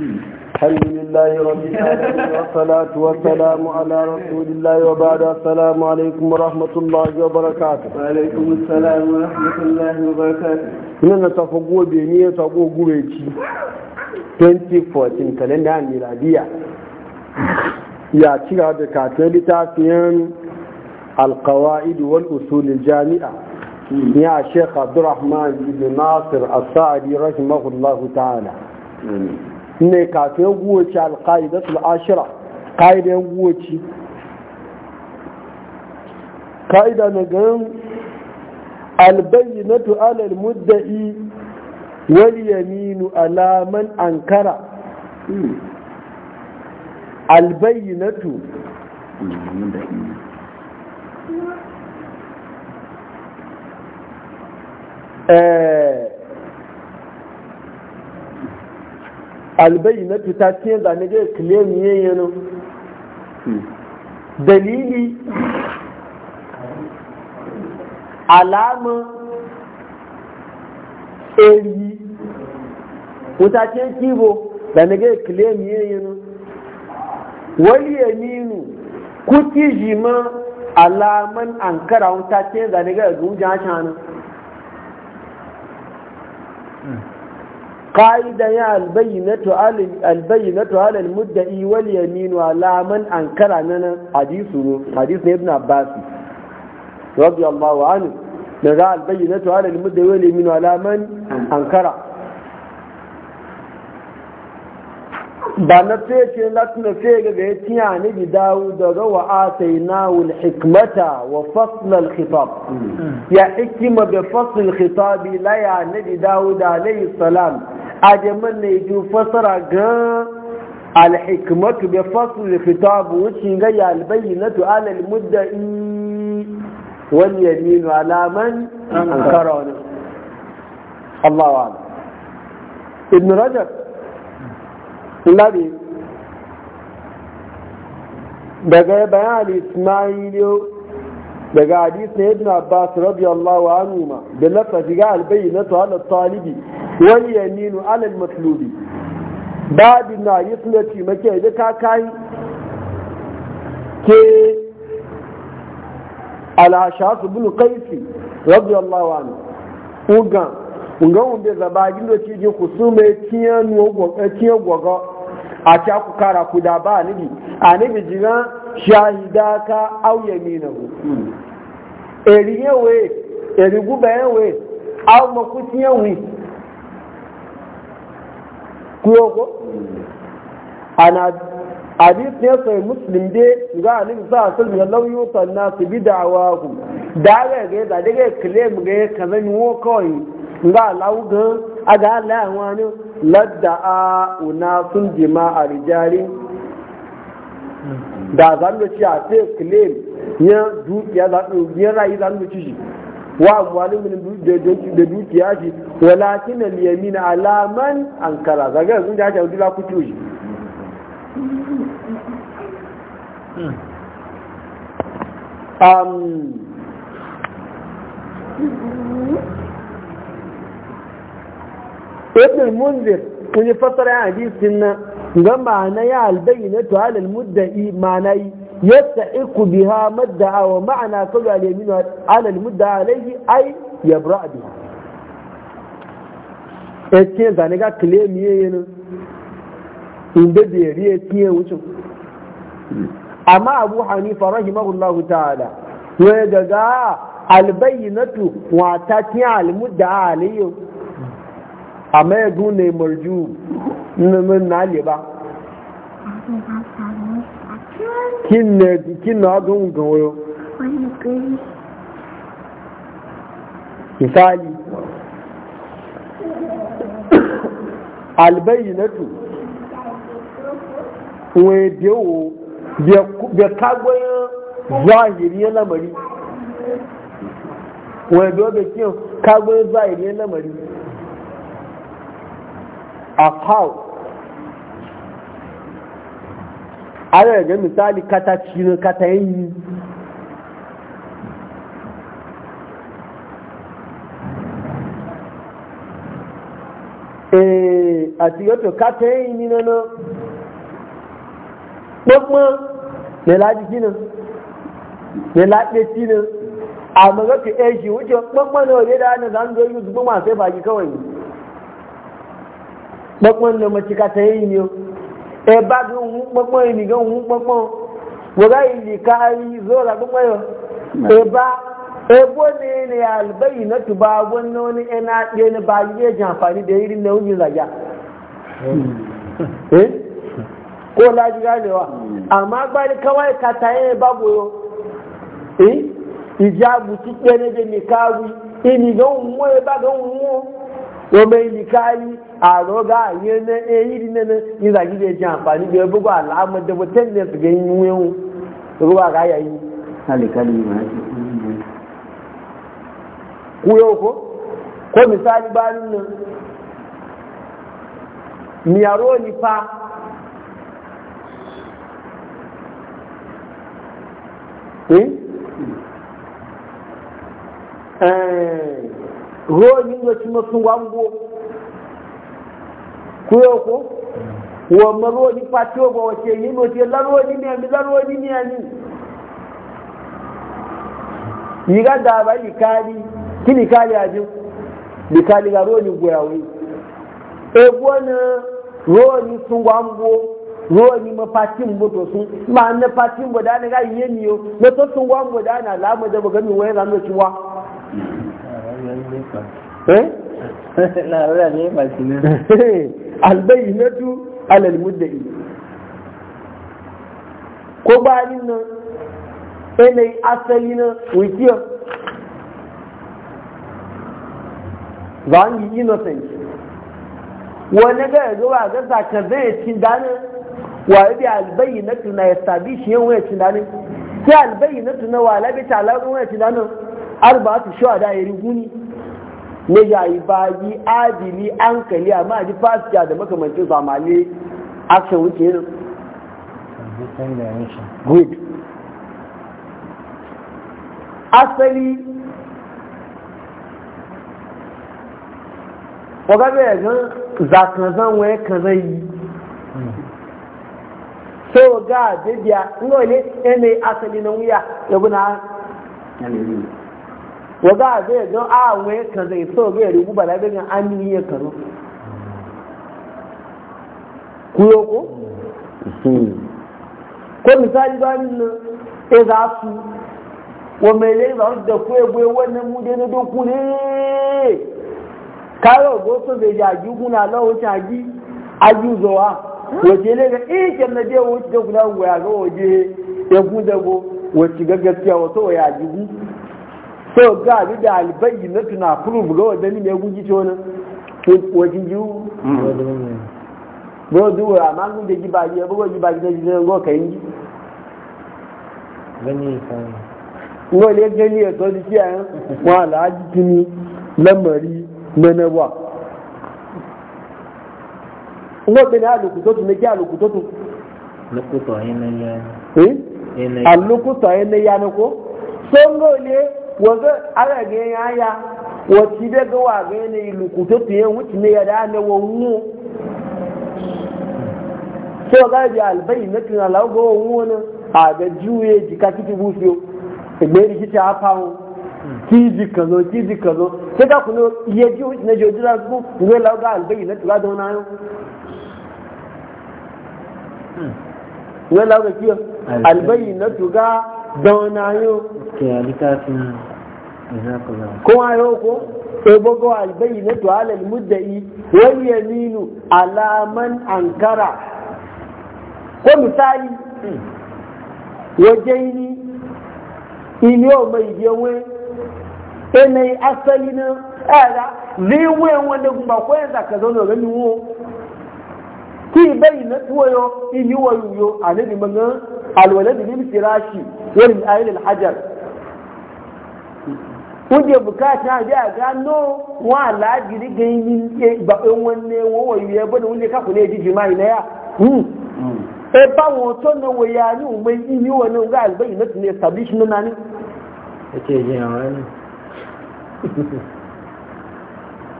الحمد لله رب العالمين والصلاة والسلام على رسول الله وبعد السلام عليكم ورحمة الله وبركاته وعليكم السلام ورحمة الله وبركاته إننا تفقوا بيني تفقوا قويتي 2014 kalenda ya miladiya ya ci gaba da katon littafin alkawa'id wal usulul jami'a ya sheikh abdurrahman ibn nasir as-sa'di rahimahullahu ta'ala ne kafin guwaci alƙa'idatul ashira ƙa'idan guwaci ƙa'ida na ganin albayyinatu alal mudda'i wal yaminu alaman ankara albayyinatu eh albai na fita cikin zane ga kilemi ya yanu dalili alama eri wuta ce kibo na gaya kilemi ya yanu wani yaminu kuti jima alaman ankara wuta ce zane gaya zuwa jashanu قائدة البينة على البينة على المدة واليمين ولا من أنكر أننا حديثه حديث ابن عباس رضي الله عنه نقال البينة على المدة واليمين ولا من أنكر بنا فيشي لكنا فيك بيتي يعني بداود روى آتيناه الحكمة وفصل الخطاب يا حكمة بفصل الخطاب لا يعني بداود عليه السلام ajaman ne ju fasara ga alhikmatu bi fasl alkitab wucin ga ya albayyinatu ala almudda'i wal yaminu ala man ankara wa Allahu a'lam ibn rajab lari daga bayan al ismail daga hadis na ibn abbas radiyallahu anhu ma da lafazi ga albayyinatu ala talibi wal yaminu alal matlubi babu na yi suna ci make da ka kai ke alashas ibn qaisi radiyallahu anhu uga uga unde zabagin do ci ji kusume tiyan wo goga eh, tiyan goga a ta ku kara ku da ba nabi anabi jira shahidaka aw kuyo ko ana hadis ne sai muslim de ga ali sa sallallahu alaihi wasallam yuta nas bi da'awahu da ga ga da daga claim ga kaza ni wo kawai ga lawu ga aga a wani sun jima a rijali da zan a ce claim ya ya zan ya rayi zan shi wa amwalin da dukiya shi walakin al-yamin alaman ankara zaga sun ga haka dila ku tuji um ibn munzir kun yi fasara hadisin nan ga ma'ana ya albayyana to halal mudda'i ma'ana yastahiqu biha madda'a wa ma'ana kullu al-yamin ala al-mudda'a alayhi ay yabra biha ete zane ga claim yayin inda da yari ete wucin amma abu hanifa rahimahullahu ta'ala ya daga albayyinatu wa ta tiya almudda aliyu amma ya e gune marju na mun ba kí ni ọdún gan oyo misali albayi na tu wọ́n dewo bẹ kagbọ́yán zahiriyar lamari wọ́n dewo bẹ kí kagbọ́yán zahiriyar lamari a ana ga misali kata cinu kata yanyi àti yọ́tọ̀ kata yanyi nínú náà gbogbo lẹ́láàjì kí náà lẹ́láàjì kí náà àmọ́ gọ́kì ẹ̀ṣì wújọ gbogbo náà lè dáa náà zanzo yóò gbogbo àfẹ́ bàjì kawai gbogbo náà mọ̀ kata yi ni o ẹ̀bá bí òun pọ́npọ́n ènìyàn òun pọ́npọ́n wọ́gá ìlì kárí zọ́ọ̀lá pọ́npọ́n yọ ẹ̀bá ẹ̀bọ́ ni ni àlùbẹ́yìn náà tó bá wọ́n náà ní ẹ̀nà àti ẹni bá yé ne àǹfààní la ya? náà Ko ìlàjà kó lájú rárẹ̀ wa àmọ́ agbárí káwáì kàtà yẹn bá bòrò ìjà àbùtí pẹ́ẹ́nẹ́dẹ́ nìkan rí ènìyàn òun mú ẹ̀bá gan òun mú wọ́n ní káyí àrọ́gá àyẹ́ ní jampani rí nẹ́nẹ́ ìzàgídé jẹ́ àǹfààní bí ọgbọ́gbọ́ àlàámọ́dẹ́gbọ́ tẹ́lẹ̀sì gẹ́ inú ẹ̀hún ọgbọ́gbọ́ àgáyà yìí kálíkálí ìwọ̀n kúrò kó kó misali ronin da cima sun wango kuyo ko wa maroni patio ba wace yin wace laroni ne mi laroni ne ni yiga da ba likali kini kali ajin likali ga roni goyawe e gona roni sun wango roni ma patin boto sun ma na patin boda ne ga yau, na to sun wango da na lamu da ba ga mi wai Eh? albayyinatu alal muddai ko bayanin nan yanayi asali na wikiyar za mu yi innocent wani ga yanzu ba ga zaka zai cin danin waye bi albayyinatu na ya sabi shi yin waya cin danin sai albayyinatu na wala bi ta alaƙon waya cin danin arba'atu shuhada ya riguni na yayi bayi adili an kali amma ji fasiya da makamancin zamani action wuce yin good asali wagabe ya gan zakazan waye kazan yi so ga dabiya ngole ne asali na wuya ya guna wa za a zai don a waye ka zai so ga yari guba da ganin an yi ya karo kuyo ko ko misali ba ni na e za su wa mai lai za su da kuwa e bai wannan mu dai na don ku ne kayo go so zai jaji kuna aji aji ajuzowa waje ne ga ikin na je wuce da kula waya ga waje ya gudago wacce ga gaskiya wato ya jigu so ga bi da albayi na tuna proof ga wanda min ya guji to nan wajin yu go duwa amma mun da giba ya bugo giba da gidan go kai yi gani kan go le gani ya to di kiyan wa alhaji tuni lamari na nawa ngo bin alukuto tun ki alukuto tun lokuto yin ne ya ne eh? ko waga ala ga ya ya wati da ga wa ga ne lukuto tiye wuti ne ya da ne wa wu so ga bi albai na tuna la ga wa wu ne a ga juye jika kiti bufiyo egbe ri kiti a wu kizi kazo kizi kazo sai ka kuno iye ji wuti ne joji da ku ne la ga albai na tuna da wani ayo ne la kiyo albai na tuga da wani ayo ke alika kuma yau ko ebogo albayyinatu ala almudda'i wal yaminu ninu alaman ankara ko misali ni ini o mai yewe ene asali na ala e liwe wanda kuma ko yanzu ka zo ga ni wo ki na, wayo ini wayo ni manga alwalad bil firashi wal wani al hajar kuje bukata a gano wa lajiri ganyen hmm. hmm. e ba ɗan wanne wọn wọ na nani. E e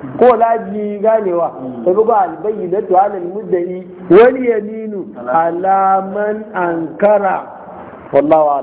ko laji ganewa ta albayi na muddai wani alaman ankara wallawa